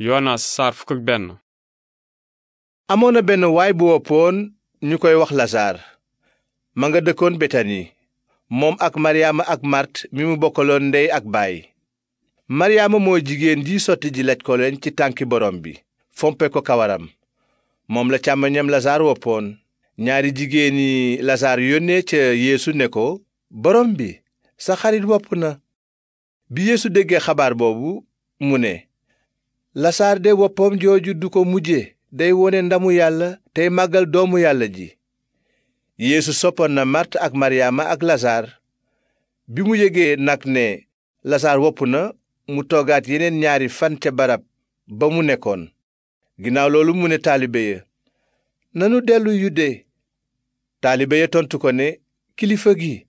Yonaas saar fukk ak amoon na benn waay bu woppoon ñu koy wax lasaar ma nga dëkkoon betani moom ak maryaama ak màrt mi mu bokkaloon ndey ak baay maryaama mooy jigéen ji sotti ji laj koleñ ci tànki borom bi fompe ko kawaram moom la càmmoñam lasaar woppoon ñaari jigéeni lasaar yónnee ca yeesu ne ko borom bi sa xarit wopp na bi yeesu déggee xabaar boobu mu ne lasaar de woppam jooju du ko mujje day wone ndamu yàlla tey màggal doomu yàlla ji yéesu soppoon na màrt ak maryaama ak lasaar bi mu yëgee nag ne lasaar wopp na mu toogaat yeneen ñaari fan ca barab ba mu nekkoon ginnaaw loolu mu ne taalibe ya nanu dellu yudde taalibe ya tontu ko ne kilifa gi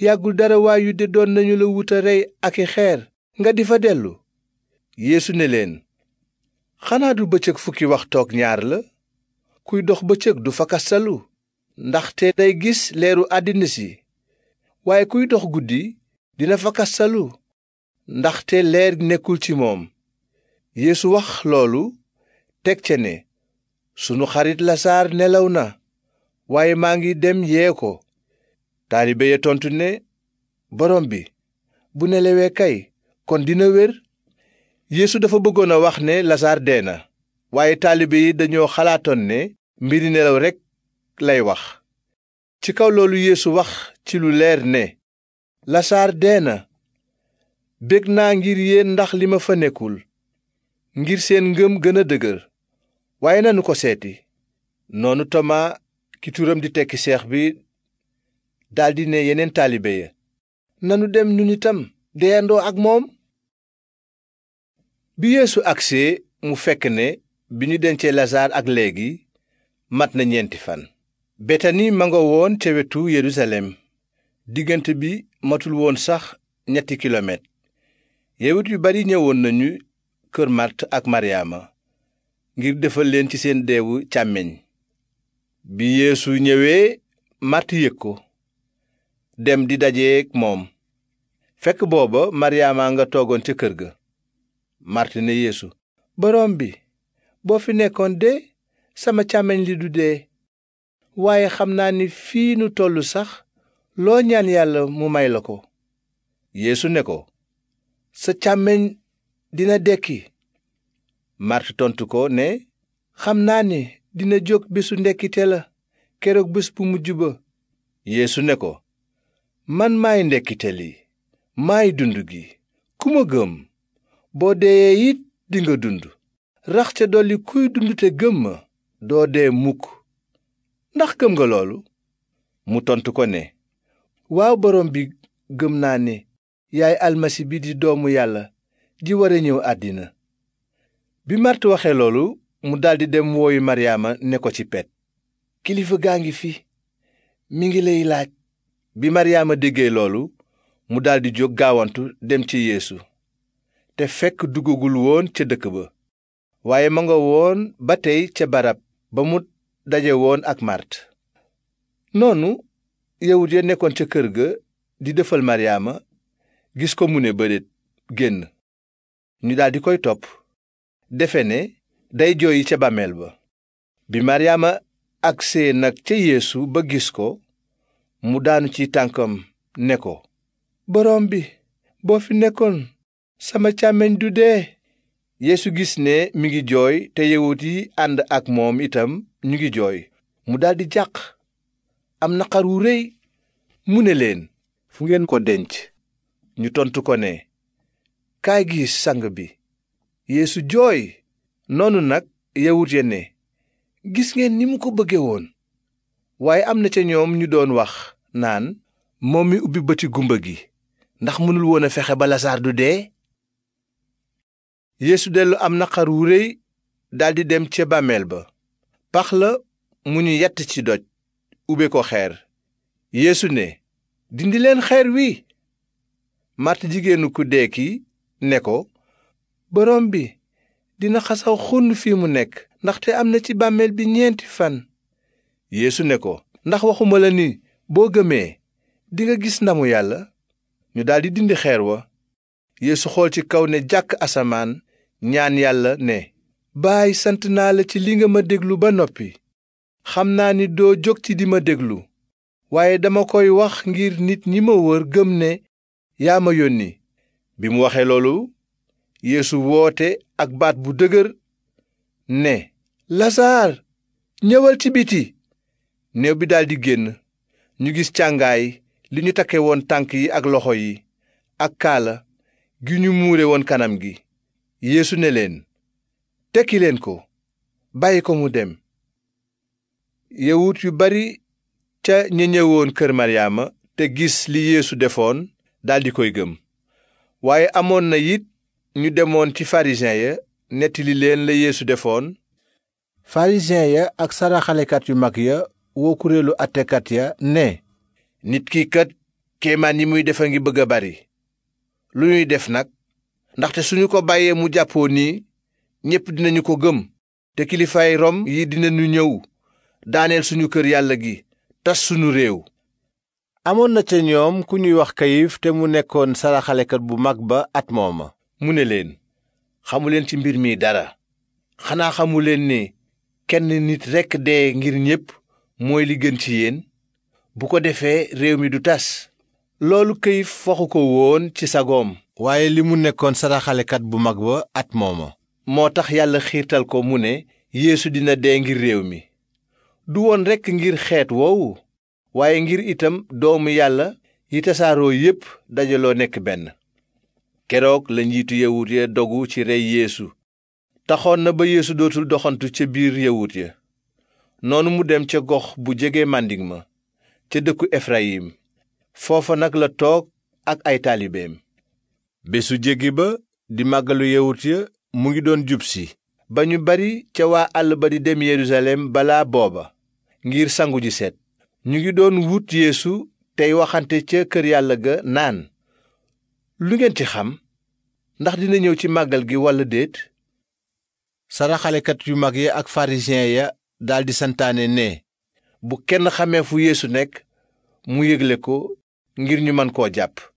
yàggul dara waa yudde doon nañu la wuta rey ak i xeer nga di fa dellu yéesu ne leen xanaa du bëccëg fukki wax toog ñaar la kuy dox bëccëg du fakastalu ndaxte day gis leeru àddina si waaye kuy dox guddi dina fakastalu ndaxte leer nekkul ci moom yéesu wax loolu teg ca ne sunu xarit lasaar nelaw na waaye maa ngi dem yee ko taalibe ya tontu ne borom bi bu nelawee kay kon dina wér yéesu dafa bëggoon a wax ne lasaar dee na waaye taalibe yi dañoo xalaatoon ne mbiri nelaw rekk lay wax ci kaw loolu yéesu wax ci lu leer ne lasaar dee na bég naa ngir yéen ndax li ma fa nekkul ngir seen ngëm gën a dëgër waaye nanu ko seeti noonu tomaa ki turam di tekki seex bi daldi ne yeneen taalibe ya nanu dem ñun itam deyandoo ak moom bi yeesu agsee mu fekk ne bi ñu dencee lasaar ak léegi mat na ñeenti fan betani ma nga ca wetu yerusalem diggant bi matul woon sax ñetti kilomètre yawut yu bari ñëwoon nañu kër mart ak maryaama ngir defal leen ci seen deewu càmmeñ bi yeesu ñëwee màrt yëg ko dem di dajeek moom fekk booba maryaama nga toogoon ca kër ga màrt ne yeesu borom bi boo fi nekkoon de sama càmmiñ li du dee waaye xam naa ni fii nu tollu sax loo ñaan yàlla mu may la ko yéesu ne ko sa càmmiñ dina dekki màrt tontu ko ne xam naa ni dina jóg bésu ndekkite la keroog bés bu mu ba yéesu ne ko man maay ndekkite li maay dund gi ku ma gëm boo deeyee it dinga dund rax ca dolli kuy dund te gëm doo dee mukk ndax gëm nga loolu mu tontu ko ne waaw borom bi gëm naa ne yaay almasi bi di doomu yàlla ji wara ñëw àddina bi màrt waxe loolu mu daldi dem wooyu maryaama ne ko ci pet kilifa gaa ngi fi mu ngi lay laaj bi maryaama déggee loolu mu daldi jóg gaawantu dem ci yéesu te fekk duggagul woon ca dëkk ba waaye ma nga woon ba tey ca barab ba mu daje woon ak màrt noonu yawut ya nekkoon ca kër ga di defal mariyaama gis ko mu ne bëreet génn ñu daldi koy topp defe ne day jooyi ca bàmmeel ba bi maryaama agsee nag ca yéesu ba gis ko mu daanu ci tànkam ne ko boroom bi boo fi nekkoon sama càmmeñ du dee yeesu gis ne mi ngi jooy te yawut yi ànd ak moom itam ñu ngi jooy mu daldi jàq am naqar wu rëy mu ne leen fu ngeen ko denc ñu tontu ko ne kaay gis sang bi yéesu jooy noonu nag yawut ya gis ngeen ni mu ko bëgge woon waaye am na ca ñoom ñu doon wax naan moom mi ubbi bëti gumba gi ndax mënul woon a fexe ba lasaar du dee yéesu dellu am naqar wu rëy daldi dem ca bàmmeel ba pax la mu ñu yatt ci doj ube ko xeer yéesu ne dindi leen xeer wi màrt jigéenu ku dee ki ne ko borom bi dina xasaw xunn fii mu nekk ndaxte am na ci bàmmeel bi ñeenti fan yéesu ne ko ndax waxuma la ni boo gëmee dinga gis ndamu yàlla ñu daldi dindi xeer wa yéesu xool ci kaw ne jàkk asamaan ñaan yàlla ne baay sant naa la ci li nga ma déglu ba noppi xam naa ni doo jóg ci di ma déglu waaye dama koy wax ngir nit ñi ma wër gëm ne yaa ma yónni bi mu waxee loolu yéesu woote ak baat bu dëgër ne lasaar ñëwal ci biti néew bi daldi génn ñu gis càngaay li ñu takke woon tànk yi ak loxo yi ak kaala gi ñu muure woon kanam gi yeesu ne leen tekki leen ko bàyyi ko mu dem yawut yu bari ca ña ñëwoon kër maryaama te gis li yéesu defoon daldi koy gëm waaye amoon na it ñu demoon ci farisiyen ya nettali leen la yeesu defoon farisiyen ya ak saraxalekat yu mag ya woo kuréelu attekat ya ne nit ki kat yi muy def a ngi bëgg a bari lu ñuy def nag ndaxte suñu ko bàyyee mu jàppoo nii ñépp dinañu ko gëm te kilifaay Rom yi dinañu ñëw daaneel suñu kër yàlla gi tas suñu réew amoon na ca ñoom ku ñuy wax kayif te mu nekkoon saraxalekat bu mag ba at mooma mu ne leen xamuleen ci mbir mi dara xanaa xamuleen ne kenn nit rekk dee ngir ñépp mooy li gën ci yéen bu ko defee réew mi du tas loolu kayif waxu ko woon ci sagoom waaye li mu nekkoon saraxalekat bu mag ba at mooma moo tax yàlla xiirtal ko mu ne yéesu dina dee ngir réew mi du woon rekk ngir xeet woowu waaye ngir itam doomu yàlla yi tasaaroo yépp dajaloo nekk benn keroog la njiitu yawut ya dogu ci rey yéesu taxoon na ba yéesu dootul doxantu ca biir yawut ya noonu mu dem ca gox bu jege màndik ma ca dëkku efrayim foofa nag la toog ak ay taalibeem bésu jéggi ba di màggalu yawut ya mu ngi doon jub si ba ñu bari ca waa àll ba di dem yerusalem balaa booba ngir sangu ji set ñu ngi doon wut yéesu tey waxante ca kër yàlla ga naan lu ngeen ci xam ndax dina ñëw ci màggal gi walla déet saraxalekat yu mag ya ak farisiyen ya daldi santaane ne bu kenn xamee fu yéesu nekk mu yégle ko ngir ñu mën koo jàpp